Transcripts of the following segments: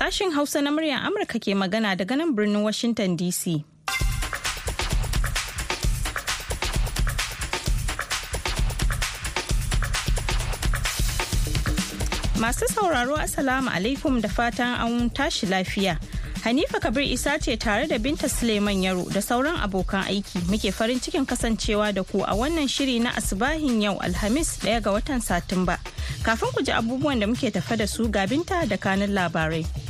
Sashen Hausa na muryar Amurka ke magana daga nan birnin Washington DC. Masu sauraro asalamu alaikum da fatan an tashi lafiya. Hanifa Kabir Isa ce tare da Binta Suleiman Yaro da sauran abokan aiki muke farin cikin kasancewa da ku a wannan shiri na asibahin yau Alhamis daya ga watan Satumba. Kafin ku ji abubuwan da muke tafa da su ga Binta da kanun labarai.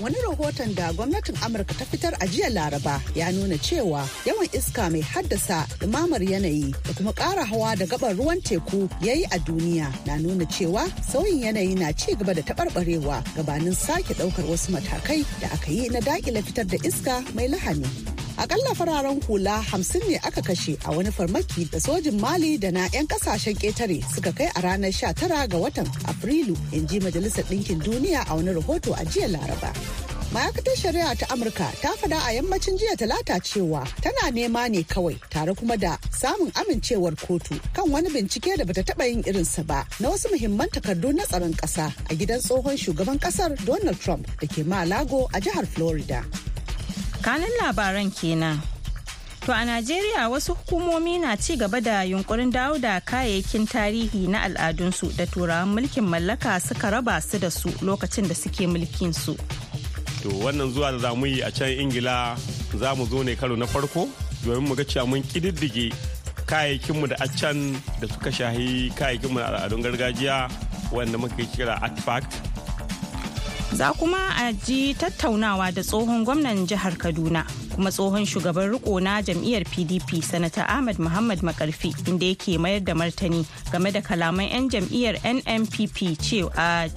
wani rahoton da gwamnatin amurka ta fitar a jiya laraba ya nuna cewa yawan iska mai haddasa dumamar yanayi da kuma ƙara hawa da gabar ruwan teku ya yi a duniya na nuna cewa sauyin yanayi na ci gaba da taɓarɓarewa gabanin sake ɗaukar wasu matakai da aka yi na daƙile fitar da iska mai lahani Akalla fararen hula hamsin ne aka kashe a wani farmaki da sojin Mali da na 'yan kasashen ƙetare suka kai a ranar 19 ga watan Afrilu, in ji Majalisar Ɗinkin Duniya a wani rahoto a jiya Laraba. ma'aikatar shari'a ta amurka ta fada a yammacin jiya talata cewa tana nema ne kawai tare kuma da samun amincewar kotu kan wani bincike da bata taba yin irinsa ba na wasu muhimman takardu na tsaron kasa a gidan tsohon shugaban kasar donald trump da ke malago a jihar florida kanin labaran kenan to a najeriya wasu hukumomi na ci gaba da yunkurin dawo da kayayyakin tarihi na al'adunsu da turawan mulkin mallaka suka raba su da su lokacin da suke mulkin su to wannan zuwa da zamu yi a can ingila za mu zo ne karo na farko domin mu ga cewa mun kididdige kayayyakinmu da a can da suka shahi mu na al'adun gargajiya wanda muka kira artifact Za kuma a ji tattaunawa da tsohon gwamnan jihar Kaduna kuma tsohon shugaban riko na jam'iyyar PDP sanata Ahmad Muhammad Makarfi inda yake mayar da martani game da kalaman 'yan jam'iyyar NNPP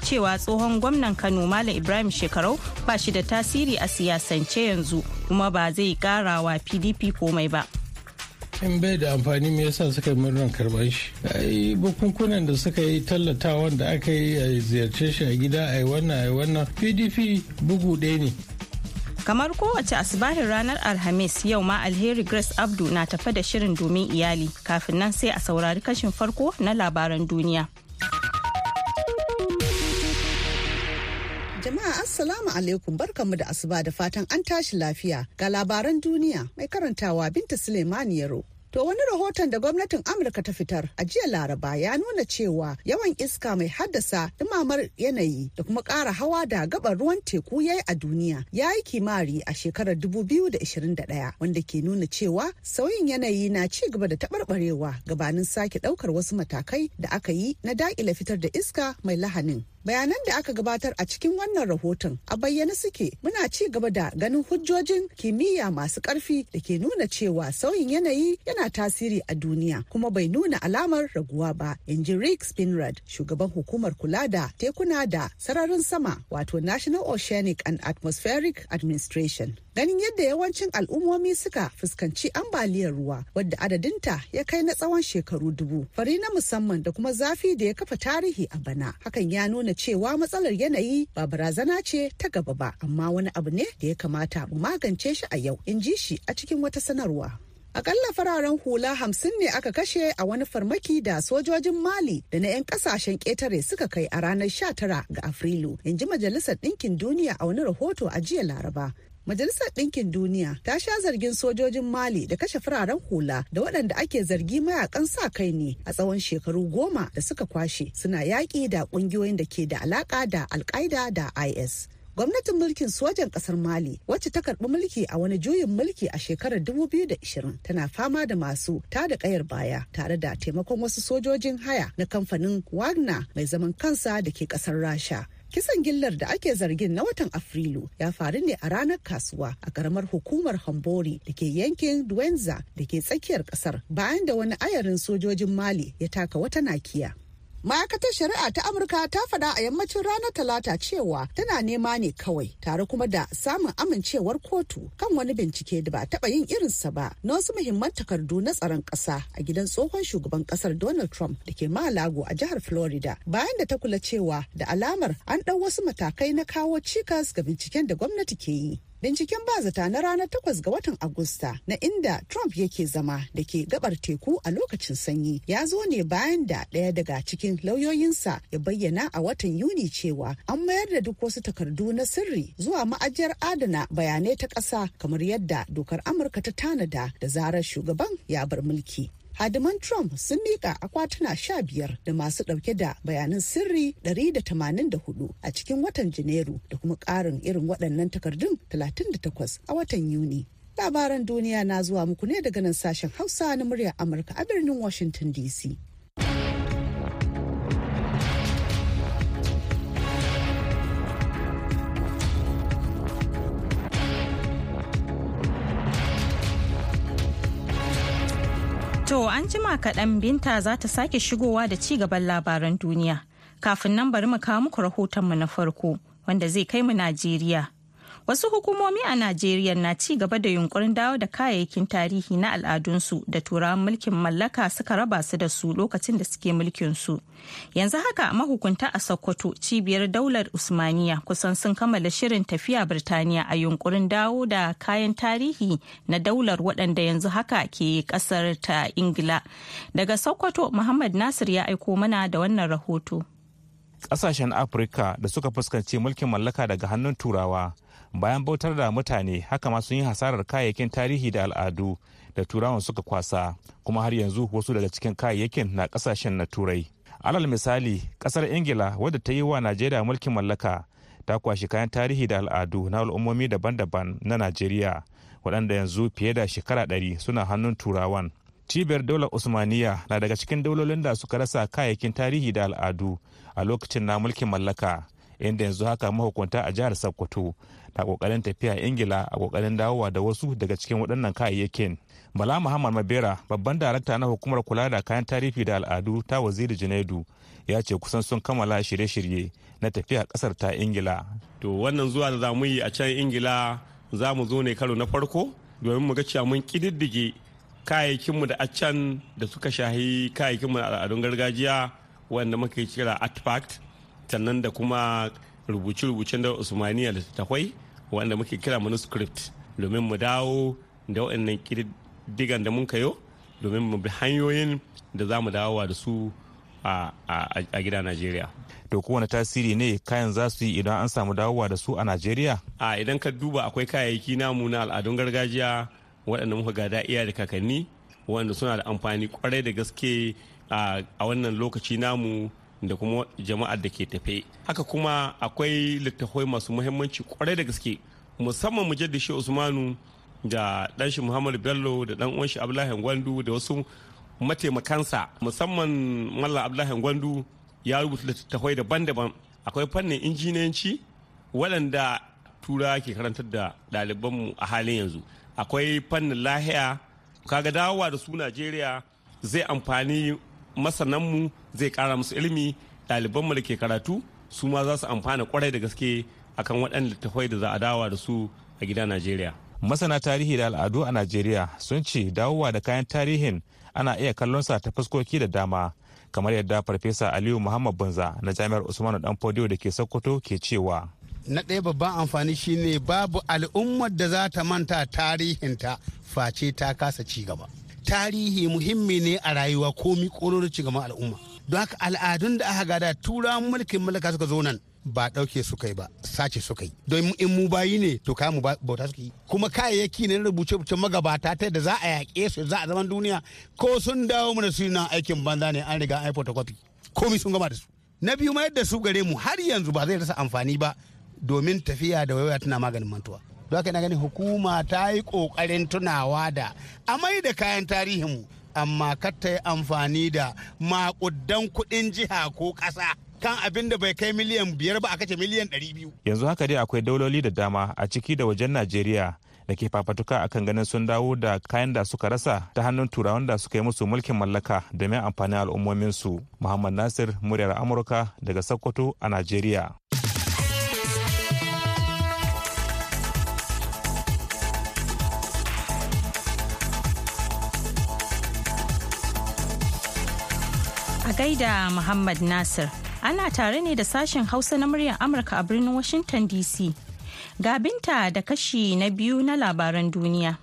cewa tsohon gwamnan Kano Malam Ibrahim Shekarau ba shi da tasiri a siyasance yanzu kuma ba zai karawa PDP komai ba. in bai da amfani me yasa suka yi murnar karban shi ai bukunkunan da suka yi tallatawan da aka yi a ziyarce shi a gida a yi wannan a yi wannan pdp bugu ɗaya ne kamar kowace asibahin ranar alhamis yau ma alheri grace abdu na tafa da shirin domin iyali kafin nan sai a saurari kashin farko na labaran duniya Jama'a Assalamu alaikum barkanmu da asuba da fatan an tashi lafiya ga labaran duniya mai karantawa Binta Suleiman Yaro. To wani rahoton da gwamnatin Amurka ta fitar a jiya Laraba ya nuna cewa yawan iska mai haddasa dumamar yanayi da kuma ƙara hawa da gabar ruwan teku yayi a duniya ya yi kimari a shekarar 2021 wanda ke nuna cewa sauyin yanayi na ci gaba da taɓarɓarewa gabanin sake ɗaukar wasu matakai da aka yi na daƙile fitar da iska mai lahanin. bayanan da aka gabatar a cikin wannan rahoton a bayyane suke muna ci gaba da ganin hujjojin kimiyya masu karfi da ke nuna cewa sauyin yanayi yana tasiri a duniya kuma bai nuna alamar raguwa ba in ji rick spinrad shugaban hukumar kula da tekuna da sararin sama wato national oceanic and atmospheric administration ganin yadda yawancin al'ummomi suka fuskanci ambaliyar ruwa wadda adadinta ya kai na tsawon shekaru dubu fari na musamman da kuma zafi da ya kafa tarihi a bana hakan ya nuna cewa matsalar yanayi ba barazana ce ta gaba ba amma wani abu ne da ya kamata mu magance shi a yau in ji shi a cikin wata sanarwa akalla fararen hula hamsin ne aka kashe a wani farmaki da sojojin mali da na 'yan kasashen ƙetare suka kai a ranar 19 ga afrilu in ji majalisar ɗinkin duniya a wani rahoto a jiya laraba Majalisar Ɗinkin Duniya ta sha zargin sojojin Mali da kashe fararen hula da waɗanda ake zargi mayakan sa kai ne a tsawon shekaru goma da suka kwashe suna yaƙi da ƙungiyoyin da ke da alaƙa da al da IS. gwamnatin mulkin sojan ƙasar mali wacce ta karɓi mulki a wani juyin mulki a shekarar 2020 tana fama da masu ta da ƙayar baya tare da taimakon wasu sojojin haya na kamfanin wagner mai zaman kansa da ke kasar rasha Kisan gillar da ake zargin na watan Afrilu ya faru ne a ranar kasuwa a karamar hukumar Hambori da ke yankin Duwenza da ke tsakiyar kasar bayan da wani ayarin sojojin Mali ya taka wata nakiya. ma'aikatar shari'a ta amurka ta faɗa a yammacin ranar talata cewa tana nema ne kawai tare kuma da samun amincewar kotu kan wani bincike da ba taɓa yin irinsa ba na wasu muhimman takardu na tsaron ƙasa a gidan tsohon shugaban ƙasar donald trump da ke malago a jihar florida bayan da ta kula cewa da alamar an ɗau wasu matakai na kawo cikas ga binciken da gwamnati ke yi Binciken bazata na ranar 8 ga watan Agusta na inda Trump yake zama da ke gabar teku a lokacin sanyi ya zo ne bayan da ɗaya daga cikin lauyoyinsa ya bayyana a watan Yuni cewa an mayar da duk wasu takardu na sirri zuwa ma'ajiyar adana bayanai ta ƙasa kamar yadda dokar Amurka ta tanada da zarar shugaban ya bar mulki. hadiman trump sun mika akwatuna sha biyar da masu ɗauke da bayanan sirri 184 a cikin watan janairu da kuma ƙarin irin waɗannan takardun 38 a watan yuni labaran duniya na zuwa muku ne daga nan sashen hausa na muryar amurka a birnin washington dc To an jima kaɗan binta za ta sake shigowa da ci gaban labaran duniya. Kafin nan bari mu kawo muku rahotonmu na farko wanda zai kai mu Najeriya. Wasu hukumomi a Najeriya na ci gaba da yunkurin dawo da kayayyakin tarihi na al'adunsu da turawan mulkin mallaka suka raba su da su lokacin da suke mulkin su. Yanzu haka mahukunta a Sokoto cibiyar daular Usmaniya kusan sun kammala shirin tafiya Birtaniya a yunkurin dawo da kayan tarihi na daular waɗanda yanzu haka ke ƙasar ta Ingila. Daga Sokoto Muhammad Nasir ya aiko mana da wannan rahoto. Ƙasashen Afirka da suka fuskanci mulkin mallaka daga hannun Turawa bayan bautar da mutane haka ma sun yi hasarar kayayyakin tarihi da al'adu da turawan suka kwasa kuma har yanzu wasu daga cikin kayayyakin na kasashen na turai alal misali kasar ingila wadda ta yi wa najeriya mulkin mallaka ta kwashi kayan tarihi da al'adu na al'ummomi daban-daban na najeriya waɗanda yanzu fiye da shekara ɗari suna hannun turawan cibiyar daular usmaniya na daga cikin daulolin da suka rasa kayayyakin tarihi da al'adu a lokacin na mulkin mallaka inda yanzu haka mahukunta a jihar sokoto ta kokarin tafiya ingila a kokarin dawowa da wasu daga cikin waɗannan kayayyakin bala muhammad mabera babban darakta na hukumar kula da kayan tarihi da al'adu ta waziri junaidu ya ce kusan sun kammala shirye-shirye na tafiya kasar ta ingila to wannan zuwa da za yi a can ingila za mu zo ne karo na farko domin mu ga cewa mun kididdige mu da a can da suka shahi mu da al'adun gargajiya wanda muka kira artifact sannan da kuma rubuce-rubucen da usmaniya da tafai wanda muke kira manuscript domin mu dawo da waɗannan ƙididdigan da mun kayo domin mu bi hanyoyin da za mu dawowa da su a gida najeriya to kowane tasiri ne kayan za su yi idan an samu dawowa da su a najeriya a idan ka duba akwai kayayyaki namu na al'adun gargajiya waɗanda muka gada iya da kakanni waɗanda suna da amfani kwarai da gaske a wannan lokaci namu da kuma jama'ar da ke tafe haka kuma akwai littafai masu muhimmanci kwarai da gaske musamman mu shi usmanu da dan shi muhammadu bello da dan uwan shi abdullahi gwandu da wasu mataimakansa musamman mallam abdullahi gwandu ya rubuta littattafai daban-daban akwai fannin injiniyanci waɗanda tura ke karantar da ɗalibanmu a halin yanzu akwai fannin lahiya kaga dawowa da su najeriya zai amfani masananmu zai kara musu ilimi ɗalibanmu da ke karatu su ma za su amfana kwarai da gaske akan waɗanda littattafai da za a dawa da su a gida najeriya masana tarihi da al'adu a najeriya sun ce dawowa da kayan tarihin ana iya kallon sa ta fuskoki da dama kamar yadda farfesa aliyu muhammad banza na jami'ar usmanu dan fodiyo da ke sokoto ke cewa na ɗaya babban amfani shine babu al'ummar da za ta manta tarihinta face ta kasa ci gaba tarihi muhimmi ne a rayuwa komi ƙororin cigaban al'umma don haka al'adun da aka gada tura mulkin mallaka suka zo nan ba ɗauke su kai ba sace su kai don in mu bayi ne to kayan mu bauta suke kuma kayayyaki ne rubuce rubuce magabata ta da za a yaƙe su za a zaman duniya ko sun dawo mana su na aikin banza ne an riga an yi photocopy komi sun gama da su na biyu mayar da su gare mu har yanzu ba zai rasa amfani ba domin tafiya da waiwaya tana maganin mantuwa don haka na gani hukuma ta yi kokarin tunawa da amai da kayan tarihin mu. amma kar ta yi amfani da makudan kuɗin jiha ko ƙasa kan abin da bai kai miliyan biyar ba a kace miliyan ɗari biyu. Yanzu haka dai akwai dauloli da dama a ciki da wajen Najeriya da ke fafatuka akan ganin sun dawo da kayan da suka rasa ta hannun turawan da suka yi musu mulkin mallaka domin amfanin al'ummominsu. Muhammad Nasir, muryar Amurka daga Sokoto a Najeriya. A gaida Muhammad Nasir, ana tare ne da sashen Hausa na muryar Amurka a birnin Washington DC. Ga binta da kashi na biyu na labaran duniya.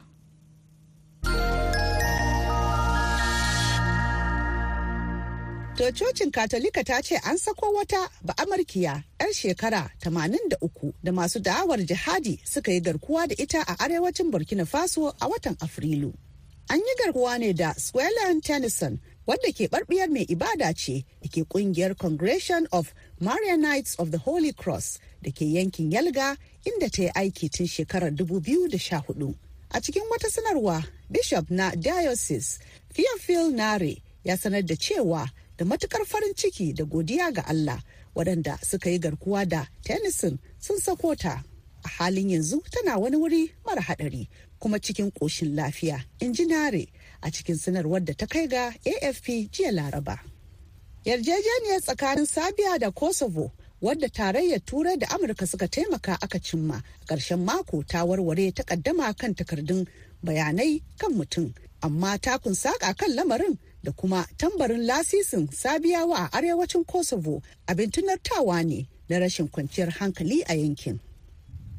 To cocin Katolika ta ce an sako wata ba 'yar shekara 83 da masu da'awar jihadi suka yi garkuwa da ita a arewacin Burkina Faso a watan Afrilu. An yi garkuwa ne da squelan Tennyson Wanda ke barbiyar mai ibada ce da ke kungiyar congregation of marianites of the holy cross da ke yankin yalga inda ta yi aiki tun shekarar 2014 a cikin wata sanarwa bishop na diocese theophil nare ya sanar da cewa da matukar farin ciki da godiya ga allah waɗanda suka yi garkuwa da tennyson sun sako ta a halin yanzu tana wani wuri mara haɗari kuma cikin ƙoshin lafiya Injinare. a cikin sanarwar da ta kai ga afp jiya laraba yarjejeniyar tsakanin sabiya da kosovo wadda tarayyar turai da amurka suka taimaka aka cimma karshen ƙarshen mako ta warware takaddama kan takardun bayanai kan mutum amma takun saƙa kan lamarin da kuma tambarin lasisin sabiyawa a arewacin kosovo abin tunartawa ne na rashin kwanciyar hankali a yankin.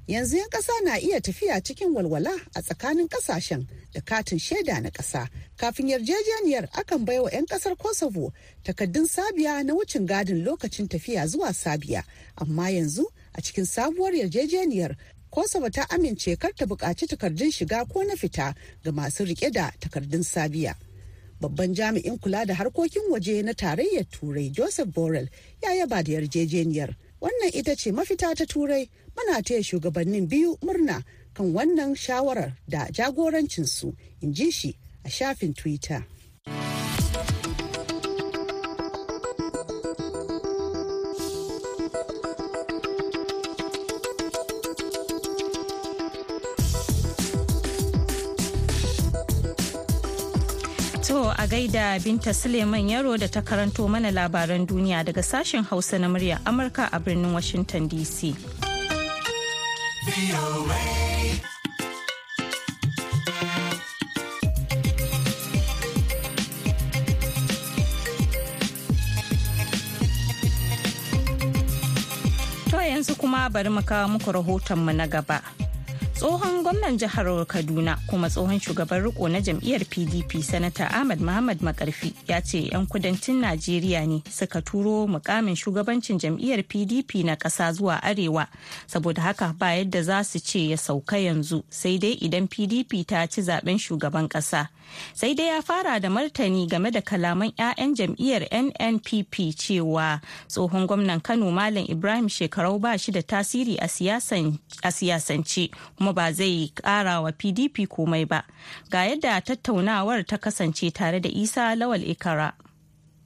yanzu 'yan ƙasa na iya tafiya cikin walwala a tsakanin ƙasashen da katin shaida na ƙasa kafin yarjejeniyar akan baiwa 'yan ƙasar kosovo takaddun sabiya na wucin gadin lokacin tafiya zuwa sabiya amma yanzu a cikin sabuwar yarjejeniyar kosovo ta amince kar ta buƙaci takardun shiga ko na fita ga masu riƙe da takardun sabiya babban jami'in kula da harkokin waje na tarayyar turai joseph borrell ya yaba da yarjejeniyar wannan ita ce mafita ta turai muna taya shugabannin biyu murna kan wannan shawarar da jagorancinsu in ji shi a shafin twitter gaida Binta Suleiman Yaro da ta karanto mana labaran duniya daga sashen Hausa na murya Amurka a birnin Washington DC. To yanzu kuma bari mu kawo muku rahotonmu na gaba. tsohon gwamnan jihar kaduna kuma tsohon shugaban riko na jam'iyyar pdp sanata ahmad muhammad makarfi ya ce 'yan kudancin najeriya ne suka turo mukamin shugabancin jam'iyyar pdp na ƙasa zuwa arewa saboda haka ba yadda za su ce ya sauka yanzu sai dai idan pdp ta ci zaben shugaban ƙasa sai dai ya fara da martani game da kalaman 'ya'yan jam'iyyar nnpp cewa tsohon gwamnan kano malam ibrahim shekarau ba shi da tasiri a siyasance kuma ba zai kara wa pdp komai ba ga yadda tattaunawar ta kasance tare da isa lawal ikara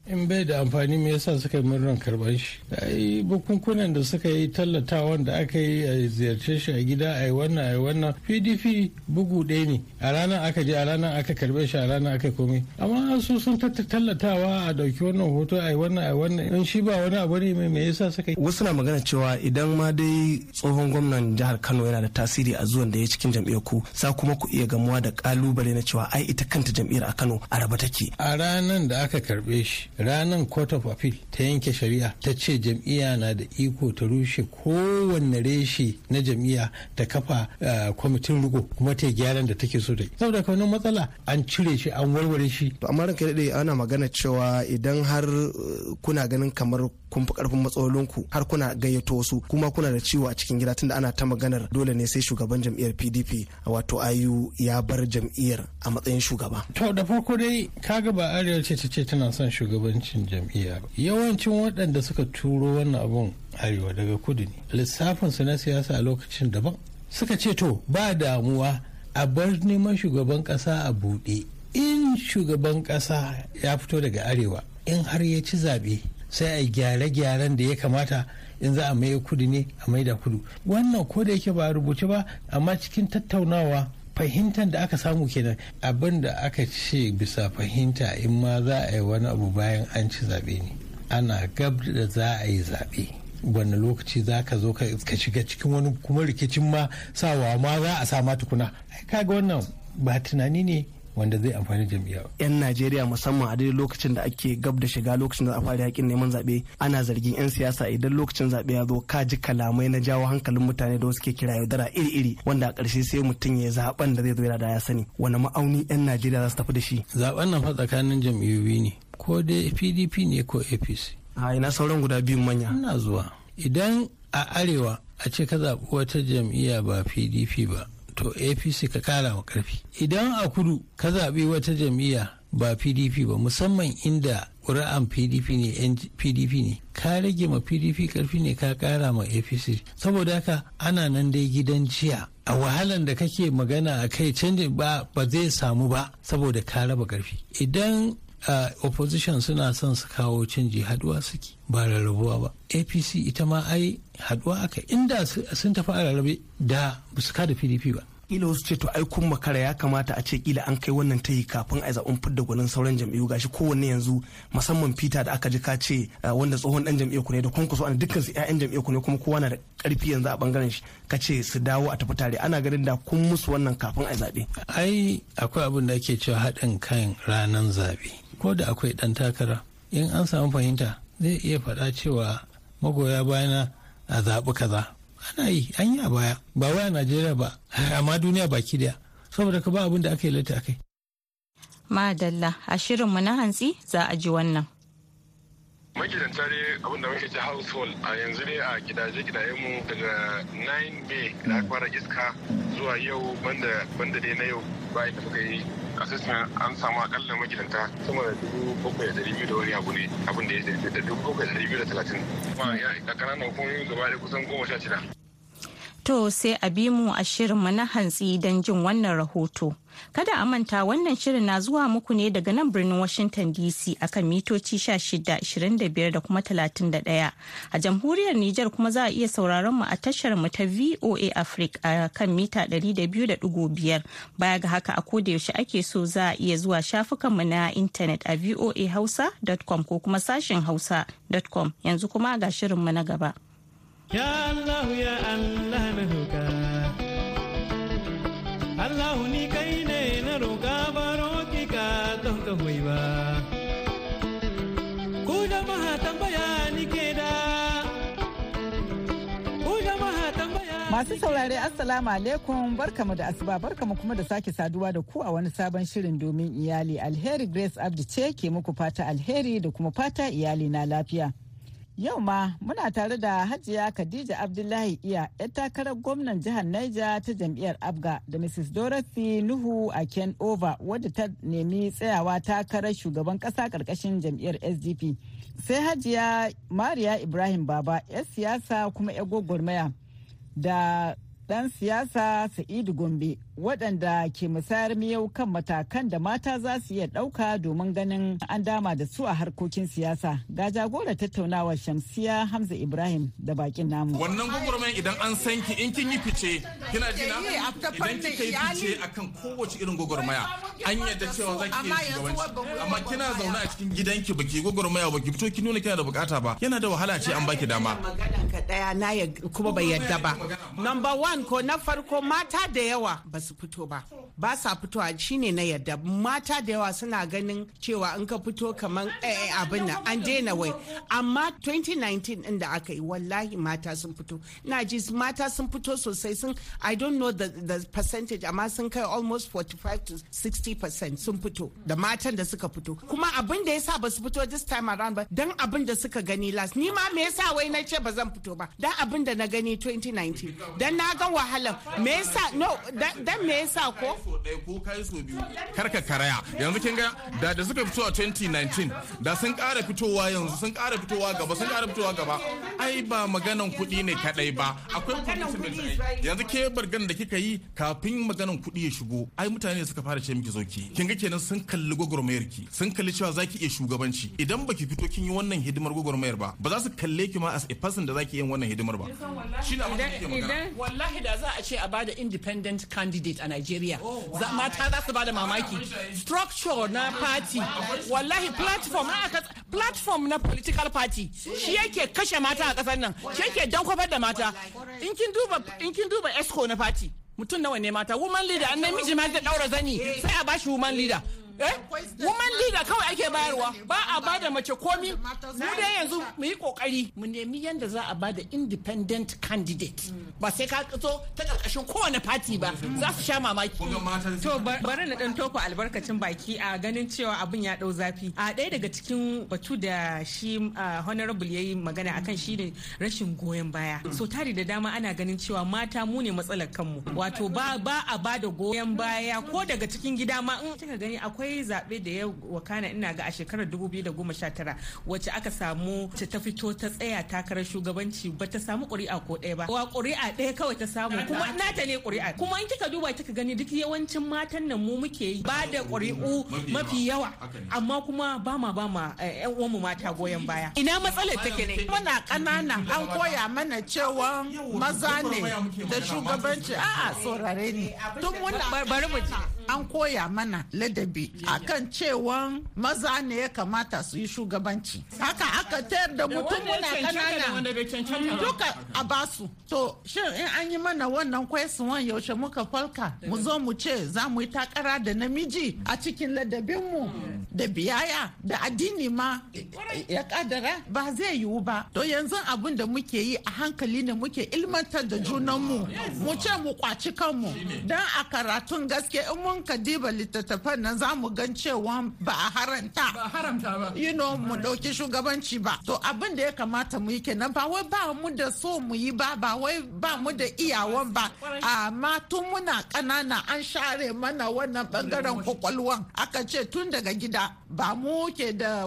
in bai da amfani me yasa suka yi murnar karban shi ai bukunkunan da suka yi tallatawan da aka yi a ziyarce shi a gida ai wannan ai wannan pdp bugu ɗaya ne a ranar aka je a ranar aka karbe shi a ranar aka komai amma su sun tallatawa a dauki wannan hoto ai wannan ai wannan in shi ba wani abu ne me yasa suka yi wasu na magana cewa idan ma dai tsohon gwamnan jihar kano yana da tasiri a zuwan da ya cikin jam'iyyar ku sa kuma ku iya gamuwa da kalubale na cewa ai ita kanta jam'iyyar a kano a raba take a ranar da aka karbe shi ranar court of appeal ta yanke shari'a ta ce jam'iyya na da iko ta rushe kowanne reshe na jam'iyya ta kafa eh, kwamitin riko kuma ta gyaran da take so da saboda kawai matsala an cire shi an warware shi to amma ranka daɗe ana magana cewa idan har eh, kuna ganin kamar kun fi karfin matsalolinku har kuna gayyato wasu kuma kuna da ciwo a cikin gida tunda ana ta maganar dole ne sai shugaban jam'iyyar pdp wato ayu ya bar jam'iyyar a matsayin shugaba to da farko dai kaga ba arewa ce ta ce tana son shugabancin jam'iyya yawancin waɗanda suka turo wannan abun arewa daga kudu ne lissafinsu na siyasa a lokacin daban suka ce to ba damuwa a bar neman shugaban ƙasa a buɗe in shugaban ƙasa ya fito daga arewa in har ya ci zaɓe sai a gyare-gyaren da ya kamata in za a maye kudu ne a da kudu wannan ko da yake ba a rubuce ba amma cikin tattaunawa fahimtar da aka samu kenan abin da aka ce bisa fahimta in ma za a yi wani abu bayan an ci zaɓe ne ana gab da za a yi zaɓe wani lokaci za ka zo ka shiga cikin wani kuma rikicin ma sawa ma za a sama tukuna kaga wannan ba tunani ne wanda zai amfani jam'iyya. 'Yan Najeriya musamman a daidai lokacin da ake gab da shiga lokacin da a fara yakin neman zaɓe ana zargin 'yan siyasa idan lokacin zaɓe ya zo ka ji kalamai na jawo hankalin mutane da wasu ke kira yaudara iri-iri wanda a ƙarshe sai mutum ya zaɓen da zai zo da ya sani wani ma'auni 'yan Najeriya za su tafi da shi. Zaɓen nan fa tsakanin jam'iyyoyi ne ko dai PDP ne ko APC. A ina sauran guda biyun manya. Ina zuwa idan a arewa a ce ka zaɓi wata jam'iyya ba PDP ba to apc ka kara wa karfi idan a kudu ka zaɓi wata jam'iyya ba pdp ba musamman inda ƙuri'an pdp ne yan pdp ne ka rage ma pdp karfi ne ka kara ma apc saboda haka ana nan dai gidan jiya a wahalan da kake magana a kai canjin ba ba zai samu ba saboda ka raba karfi idan opposition suna son su kawo canji haduwa suke ba rarrabuwa ba apc ita ma ai haduwa aka inda sun tafi a rarrabe da su kada pdp ba kila wasu ce to ai kun makara ya kamata a ce kila an kai wannan tayi kafin a zaɓen fidda gwanin sauran jam'iyyu gashi kowanne yanzu musamman peter da aka ji ka ce wanda tsohon dan jam'iyyar ku ne da kwankwaso ana dukkan su ƴaƴan jam'iyyar ku ne kuma kowa na da ƙarfi yanzu a bangaren shi ka ce su dawo a tafi tare ana ganin da kun musu wannan kafin a zaɓe. ai akwai abin da ake cewa haɗin kan ranar zaɓe ko da akwai ɗan takara in an samu fahimta zai iya faɗa cewa magoya bayana a zaɓi kaza ana yi an yi a baya ba waya najeriya ba amma duniya baki daya saboda ka ba abin da aka yi lati akai madalla a shirinmu na hantsi za a ji wannan magidanta dai abin da muke ce household a yanzu ne a gidaje gidajen mu daga 9 may da aka fara iska zuwa yau banda banda dai na yau bayan da muka yi assessment an samu akalla magidanta sama da dubu bakwai da dari biyu da wani abu ne abin da ya da dubu bakwai da dari biyu da talatin. Kuma ya na hukumomi gaba da kusan goma sha shida. To sai a bi mu a shirinmu na hantsi don jin wannan rahoto. Kada a manta wannan shirin na zuwa muku ne daga nan birnin Washington DC akan mitoci 1625 da kuma 31. A jamhuriyar Nijar kuma za a iya sauraron mu a tashar mu ta VOA Africa a kan mita 200.5. Baya ga haka a koda yaushe ake so za a iya zuwa shafukan mu na intanet a voahausa.com ko kuma sashin hausa.com yanzu kuma ga shirin mu na gaba. Ya Allah ya Allah na roka Allah ni kai ne na roka baro ka don Ku jama'a tambaya ni ke da Ku jama'a tambaya Masu saurare Assalamu alaikum barkamu da asuba barkamu kuma da sake saduwa da ku a wani sabon shirin domin iyali alheri Grace Abdi ce ke muku fata alheri da kuma fata iyali na lafiya. Yau ma muna tare da Hajiya Khadija Abdullahi Iya, 'yar takarar gwamnan jihar Niger ta jam'iyyar Abga da Mrs. Dorothy Nuhu a Ken Over wadda ta nemi tsayawa takarar shugaban ƙasa ƙarƙashin jam'iyyar SDP. Sai Hajiya Mariya Ibrahim Baba, 'yar siyasa kuma 'yar gwagwarmaya da ɗan siyasa Sa'idu Gombe waɗanda ke musayar miyau kan matakan da mata za su iya ɗauka domin ganin an dama da su a harkokin siyasa ga jagora tattaunawa shamsiya hamza ibrahim da bakin namu wannan gwagwarmayan idan an san ki in kin yi fice kina jina eh, eh, idan kika yi fice akan kowace irin gwagwarmaya an yadda cewa za ki iya shugabanci amma kina zaune a cikin gidanki baki gwagwarmaya ki fito ki nuna kina da bukata ba yana da wahala ce an baki dama magana ka daya na kuma bai yadda ba number one ko na farko mata da yawa ba su fito ba ba sa fitowa shine na yadda mata da yawa suna ganin cewa in ka fito kamar eh, eh, abin nan an daina wai amma 2019 din da aka yi wallahi mata sun fito na ji mata sun fito sosai sun i don't know the, the percentage amma sun kai almost 45 to 60 percent sun fito da matan da suka fito kuma abin da ya sa ba su fito this time around ba don abin da suka gani last ni ma me yasa wai na ce ba zan fito ba don abin da na gani 2019 don na ga wahalan me yasa no san me yasa ko ko kai so biyu karaya yanzu kin ga da da suka fito a 2019 da sun ƙara fitowa yanzu sun ƙara fitowa gaba sun ƙara fitowa gaba ai ba maganan kuɗi ne kadai ba akwai yanzu ke bargan da kika yi kafin maganan kuɗi ya shigo ai mutane suka fara ce miki zoki kin ga kenan sun kalli gwagwarmayar ki sun kalli cewa zaki iya shugabanci idan baki fito kin yi wannan hidimar gwagwarmayar ba ba za su kalle ki ma as a person da zaki yin wannan hidimar ba shi ne abin da kike magana wallahi da za a ce a bada independent candidate candidate a Najeriya. Oh, mata za su bada mamaki. Structure na party, wallahi platform na ah, platform na political party shi yake kashe mata a kasar nan, shi yake dankwafar da mata. In kin duba in kin duba esco na party. Mutum nawa ne mata, woman leader, an namiji ma zai daura zani eh. sai a bashi woman leader. Eh? woman leader kawai ake bayarwa ba a bada mace komi mu dai yanzu mu yi kokari mu nemi yanda za a bada independent candidate hmm. ba sai ka so ta karkashin kowane party ba hmm. za su sha mamaki to bari na dan toko albarkacin baki a ganin cewa abin ya dau zafi a ɗaya daga cikin batu da shi honorable yayi magana akan shi ne rashin goyon baya so tari da dama ana ganin cewa mata mu ne matsalar kanmu wato ba a bada goyon baya ko daga cikin gida ma in kika gani akwai akwai zaɓe da ya wakana ina ga a shekarar 2019 wacce aka samu ta ta fito ta tsaya takarar shugabanci ba ta samu ƙuri'a ko ɗaya ba wa ƙuri'a ɗaya kawai ta samu kuma nata ne ƙuri'a kuma in kika duba kika gani duk yawancin matan nan mu muke ba da ƙuri'u mafi yawa amma kuma ba ma ba ma yan eh, uwanmu mata goyon baya ina matsalar take ne muna ƙanana an koya mana cewa maza ne da shugabanci a'a saurare ne tun muna bari mu ji an koya mana ladabi a kan cewan maza ne ya kamata su yi shugabanci haka aka tayar da mutum muna kanana duka a basu to shin in an yi mana wannan kwesuwan yaushe muka falka mu zo mu ce za mu yi takara da namiji a cikin ladabinmu da biyaya da addini ma ya kadara ba zai yiwu ba to yanzu abin da muke yi a hankali ne muke ilmantar da junanmu mu ce mu kwaci kanmu don a karatun gaske in mun mun ka diba littattafan nan za mu gan cewa ba a haranta ba haramta ba mu dauki shugabanci ba to abin da ya kamata mu yi kenan ba wai ba mu da so mu yi ba ba wai ba mu da iyawan ba amma tun muna kanana an share mana wannan bangaren kwakwalwan aka ce tun daga gida ba mu ke da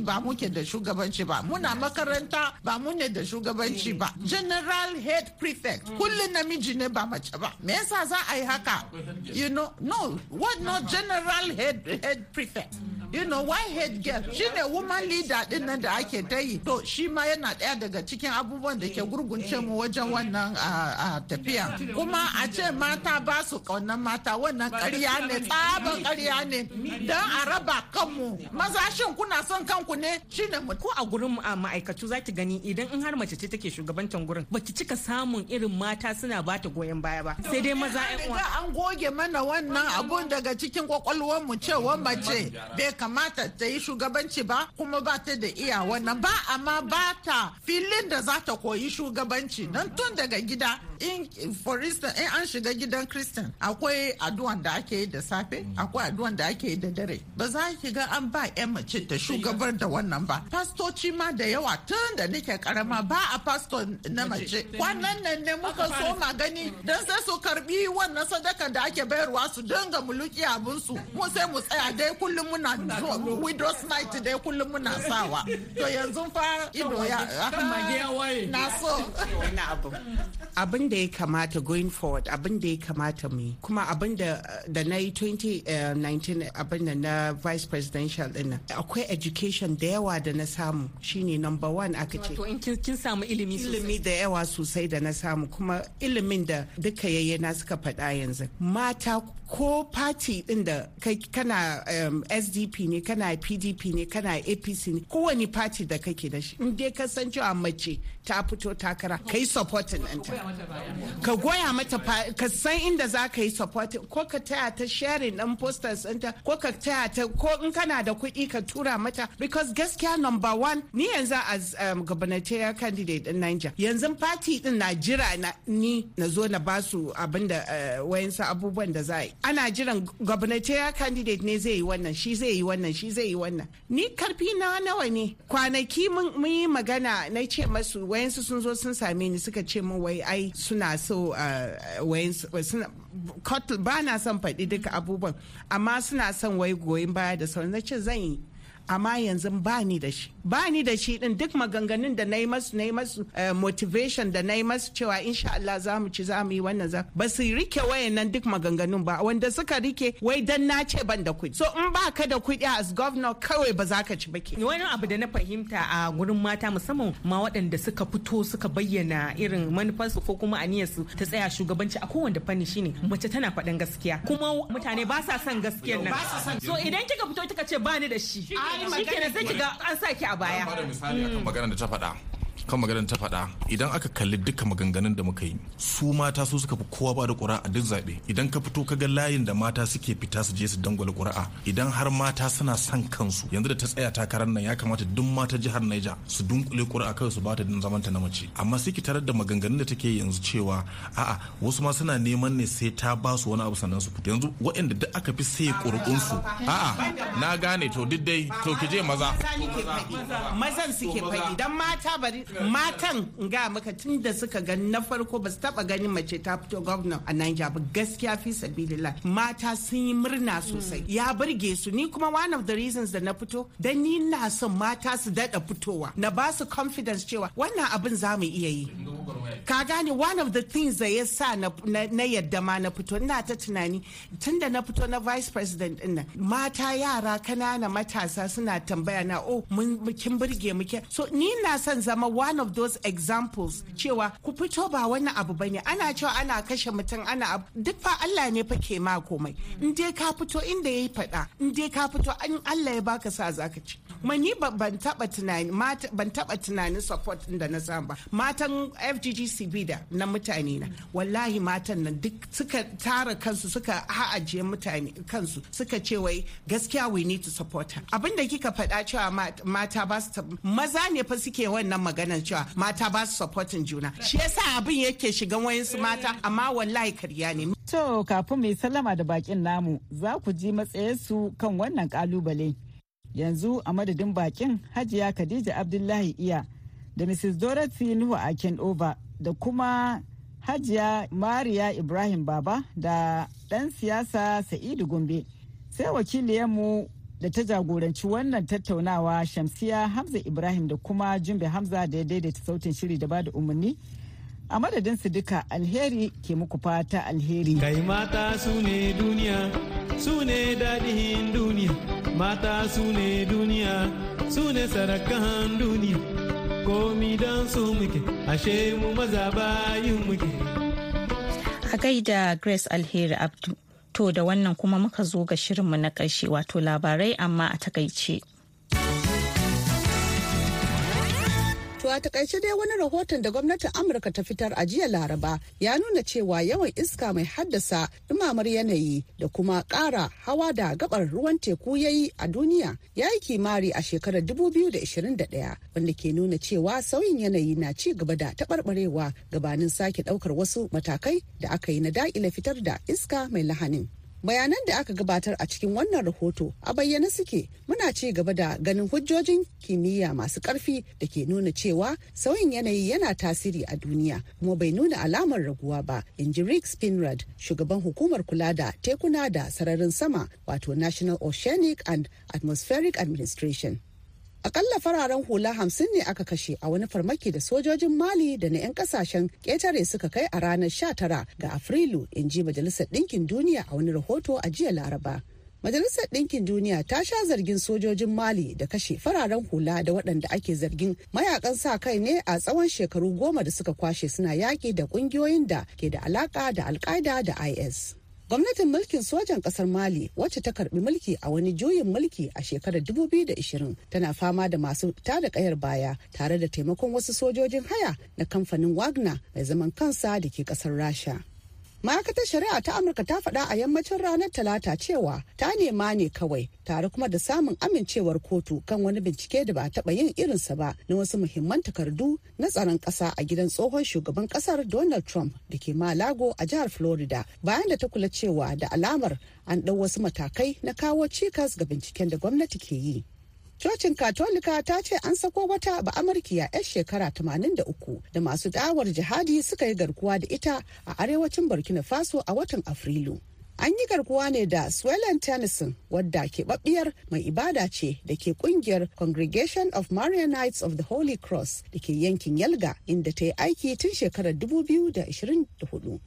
ba mu ke da shugabanci ba muna makaranta ba mu ne da shugabanci ba mm. general head prefect mm. kullum namiji ne ba mace ba me yasa za a yi haka you know No, what? Not general head, head prefect. you know why head girl shine woman leader din nan da ake ta yi to shi ma yana daya daga cikin abubuwan da ke gurgunce mu wajen wannan tafiya kuma a ce mata ba su kaunan mata wannan ƙarya ne tsaban ƙarya ne don a raba kanmu maza shin kuna son kanku ne shine mu ko a gurin ma'aikatu zaki gani idan in har mace ce take shugabantan gurin baki cika samun irin mata suna bata goyon baya ba sai dai maza ƴan uwa an goge mana wannan abun daga cikin kwakwalwar mu cewa mace bai kamata ta yi shugabanci ba kuma ba ta da iya wannan ba amma ba ta filin da za ta koyi shugabanci don tun daga gida in for instance in an shiga gidan christian akwai addu'an da ake yi da safe akwai addu'an da ake yi da dare ba za ki ga an ba yan mace ta shugabar da wannan ba fastoci ma da yawa tun da nake karama ba a pasto na mace kwanan nan ne muka so magani don sai su karbi wannan sadaka da ake bayarwa su dinga muluki abin su mu sai mu tsaya dai kullum muna widow's night dai kullum muna sawa to yanzu fa ido ya na so abin da ya kamata going forward abin da ya kamata mu kuma abin da na yi 2019 eh, abin da na vice presidential din akwai education da yawa da na samu shine number one aka ce kin samu ilimi ilimi da yawa sosai da na samu kuma ilimin da duka na suka faɗa yanzu mata ko party din da kana eh, sdp ne kana pdp ne kana apc ne kowane party da kake da shi in dai ka san cewa mace ta fito takara ka yi supporting ɗinta ka goya mata ka san inda za ka yi supporting ko ka taya ta sharing ɗin posters ɗinta ko ka taya ta ko in kana da kuɗi ka tura mata because gaskiya number one ni yanzu as um, gubernatorial candidate ɗin Niger yanzu party ɗin na jira na ni na zo na ba su abin da wayan uh, wayansu abubuwan da za a yi ana jiran gubernatorial candidate ne zai yi wannan shi zai yi wannan shi zai yi wannan ni karfi na nawa ne kwanaki mun yi magana na ce masu wayansu sun zo sun same ni suka ce min wai ai suna so uh, wayansu ba na son faɗi duka abubuwan amma suna son wai goyon baya da sauran na ce zan yi amma yanzu ba ni da shi ba ni da shi din duk maganganun da na yi masu na masu eh, motivation da na yi masu cewa insha Allah za mu ci za mu yi wannan za ba su rike wayannan duk maganganun ba wanda suka rike wai dan na ce ban da kuɗi so in ba ka da kuɗi as governor kawai ba za ka ci ba ke wani abu da na fahimta a gurin mata musamman ma waɗanda suka fito suka bayyana irin manufarsu ko kuma aniyarsu ta tsaya shugabanci a kowanne fanni shine mace tana faɗin gaskiya kuma mutane ba sa son gaskiyar nan so idan kika fito kika ce ba ni da shi shikenan sai kiga an saki a baya. Ba da misali akan magana da ta faɗa. kan maganar ta faɗa idan aka kalli duka maganganun da muka yi su mata su suka fi kowa ba da ƙura'a duk zaɓe idan ka fito ka ga layin da mata suke fita su je su dangwala ƙura'a idan har mata suna son kansu yanzu da ta tsaya takarar nan ya kamata duk mata jihar Niger su dunkule ƙura'a kawai su bata din zamanta ta na mace amma sai ki tarar da maganganun da take yanzu cewa a'a wasu ma suna neman ne sai ta ba su wani abu sannan su fito yanzu waɗanda duk aka fi sai ƙurƙun su a'a na gane to duk dai to ki je maza suke faɗi mata bari matan ga maka tun da suka gani na farko ba su taba ganin mace ta fito gwamna a Niger ba gaskiya fi sabilillah mata sun yi murna sosai ya burge su ni kuma one of the reasons da na fito dan ni na son mata su dada fitowa na ba su confidence cewa wannan abin za mu iya yi ka gane one of the things da ya sa na yadda ma na fito ina ta tunani tun da na fito na vice president din nan mata yara kanana matasa suna tambaya na oh mun kin burge muke so ni na son zama one of those examples cewa ku fito ba wani abu bane ana cewa ana kashe mutum ana duk fa Allah ne fa ke ma komai in dai ka fito inda yayi fada in dai ka fito an Allah ya baka sa zaka ci kuma ban taba tunanin support din da na samu ba matan FGGCB da na mutane na wallahi matan nan duk suka tara kansu suka ha'ajiye mutane kansu suka ce wai gaskiya we need to support her abin kika faɗa cewa mata ba su maza ne fa suke wannan maganar cewa mata ba su supportin juna shi yasa abin yake wayan wayansu mata amma wallahi karya ne to kafin mai sallama da bakin namu za ku ji matsayinsu kan wannan kalubale yanzu a madadin bakin hajiya khadija abdullahi iya da mrs dorothy nuhu aken over da kuma hajiya mariya ibrahim baba da ɗan siyasa sa'idu gombe sai wakiliyarmu da ta jagoranci wannan tattaunawa shamsiya hamza ibrahim da kuma jumbe hamza da ya daidaita sautin shiri da bada umarni a madadin su duka alheri ke muku fata alheri. Kai mata su ne duniya, su ne dadihin duniya, mata su ne duniya, su ne sarakan duniya. Komi don su muke, ashe mu maza bayin muke. A gaida Grace Alheri Abdu, to da wannan kuma muka zo ga shirinmu na ƙarshe wato labarai amma a takaice. a takaice dai wani rahoton da gwamnatin Amurka ta fitar a jiya Laraba ya nuna cewa yawan iska mai haddasa dumamar yanayi da kuma kara hawa da gabar ruwan teku yayi a duniya ya yi kimari a shekarar 2021 wanda ke nuna cewa sauyin yanayi na ci gaba da taɓarɓarewa gabanin sake ɗaukar wasu matakai da aka yi na da'ila fitar da iska mai lahanin. bayanan da aka gabatar a cikin wannan rahoto a bayyane suke muna ci gaba da ganin hujjojin kimiyya masu karfi da ke nuna cewa sauyin yanayi yana tasiri a duniya kuma bai nuna alamar raguwa ba in ji rick spinrad shugaban hukumar kula da tekuna da sararin sama wato national oceanic and atmospheric administration Akalla fararen hula hamsin ne aka kashe a wani farmaki da sojojin Mali da na 'yan kasashen ƙetare suka kai a ranar 19 ga Afrilu, in ji Majalisar Ɗinkin Duniya a wani rahoto a jiya Laraba. Majalisar Ɗinkin Duniya ta sha zargin sojojin Mali da kashe fararen hula da waɗanda ake zargin mayakan sa kai ne a tsawon shekaru goma da suka kwashe suna yaƙi da ƙungiyoyin da ke da alaƙa da Alƙaida da IS. gwamnatin mulkin sojan kasar mali wacce ta karbi mulki a wani juyin mulki a shekarar 2020 tana fama da masu tada kayar baya tare da taimakon wasu sojojin haya na kamfanin wagner mai zaman kansa da ke kasar rasha ma'aikatar shari'a ta amurka ta faɗa a yammacin ranar talata cewa ta nema ne kawai tare kuma da samun amincewar kotu kan wani bincike da ba taɓa yin irinsa ba na wasu muhimman takardu na tsaron ƙasa a gidan tsohon shugaban ƙasar donald trump da ke malago a jihar florida bayan da ta kula cewa da alamar an ɗau wasu matakai na kawo cikas ga binciken da gwamnati ke yi Cocin Katolika ta ce an sako wata ya 'yar shekara 83 da masu dawar jihadi suka yi garkuwa da ita a arewacin Burkina Faso a watan Afrilu. An yi garkuwa ne da Swellen Tennyson wadda keɓaɓɓiyar mai ibada ce da ke ƙungiyar Congregation of Marianites of the Holy Cross da ke yankin Yalga inda ta yi aiki tun shekarar 2024.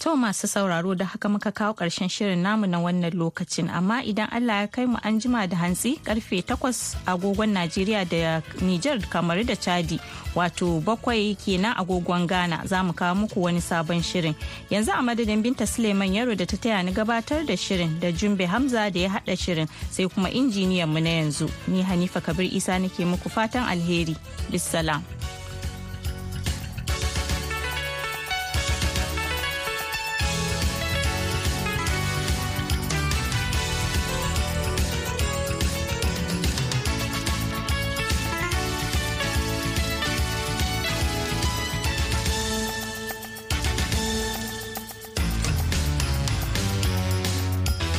To masu sauraro da haka muka kawo ƙarshen shirin namu na wannan lokacin amma idan Allah ya kai mu an jima da hantsi karfe 8 agogon Najeriya da Nijar kamar da Chadi wato bakwai kenan agogon Ghana za mu kawo muku wani sabon shirin. Yanzu a madadin Binta Suleiman Yaro da ta taya ni gabatar da shirin da Jumbe Hamza da ya haɗa shirin sai kuma injiniyan mu na yanzu. Ni Hanifa Kabir Isa nake muku fatan alheri. Bissalam.